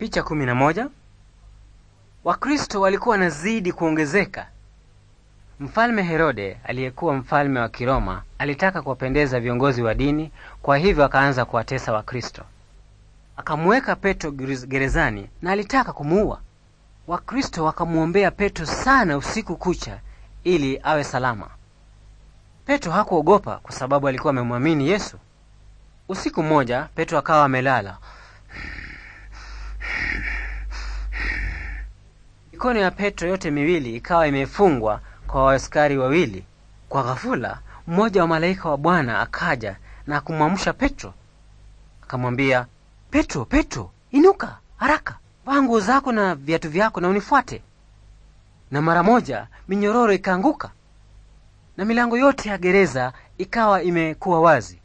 Picha kumi na moja. Wakristo walikuwa wanazidi kuongezeka. Mfalme Herode aliyekuwa mfalme wa Kiroma alitaka kuwapendeza viongozi wa dini, kwa hivyo akaanza kuwatesa Wakristo. Akamweka Petro gerezani na alitaka kumuua. Wakristo wakamwombea Petro sana usiku kucha ili awe salama. Petro hakuogopa kwa sababu alikuwa amemwamini Yesu. Usiku mmoja Petro akawa amelala. Mikono ya Petro yote miwili ikawa imefungwa kwa askari wawili. Kwa ghafula, mmoja wa malaika wa Bwana akaja na kumwamsha Petro, akamwambia, Petro, Petro, inuka haraka, vaa nguo zako na viatu vyako na unifuate. Na mara moja minyororo ikaanguka na milango yote ya gereza ikawa imekuwa wazi.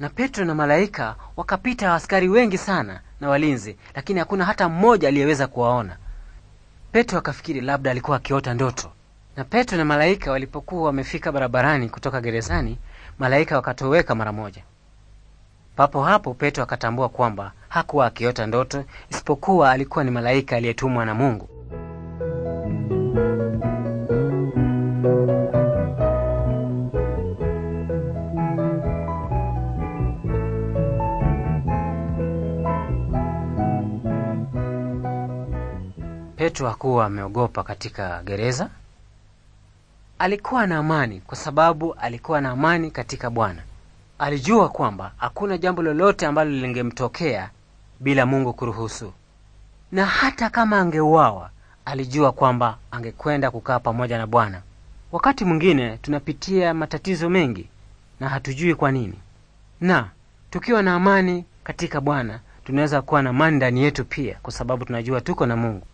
Na Petro na malaika wakapita askari wengi sana na walinzi, lakini hakuna hata mmoja aliyeweza kuwaona. Petro akafikiri labda alikuwa akiota ndoto. Na Petro na malaika walipokuwa wamefika barabarani kutoka gerezani, malaika wakatoweka mara moja. Papo hapo Petro akatambua kwamba hakuwa akiota ndoto, isipokuwa alikuwa ni malaika aliyetumwa na Mungu. Petro hakuwa ameogopa katika gereza. Alikuwa na amani kwa sababu alikuwa na amani katika Bwana. Alijua kwamba hakuna jambo lolote ambalo lingemtokea bila Mungu kuruhusu, na hata kama angeuawa, alijua kwamba angekwenda kukaa pamoja na Bwana. Wakati mwingine tunapitia matatizo mengi na hatujui kwa nini, na tukiwa na amani katika Bwana tunaweza kuwa na amani ndani yetu pia, kwa sababu tunajua tuko na Mungu.